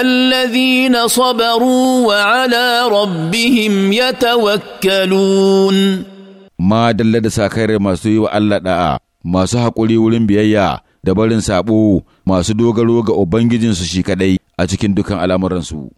الذين صبروا وعلى ربهم ya ما دل da sakayar masu yi wa Allah da'a masu haƙuri wurin biyayya da barin saɓo masu dogaro ga Ubangijinsu shi kaɗai a cikin dukan al'amuransu.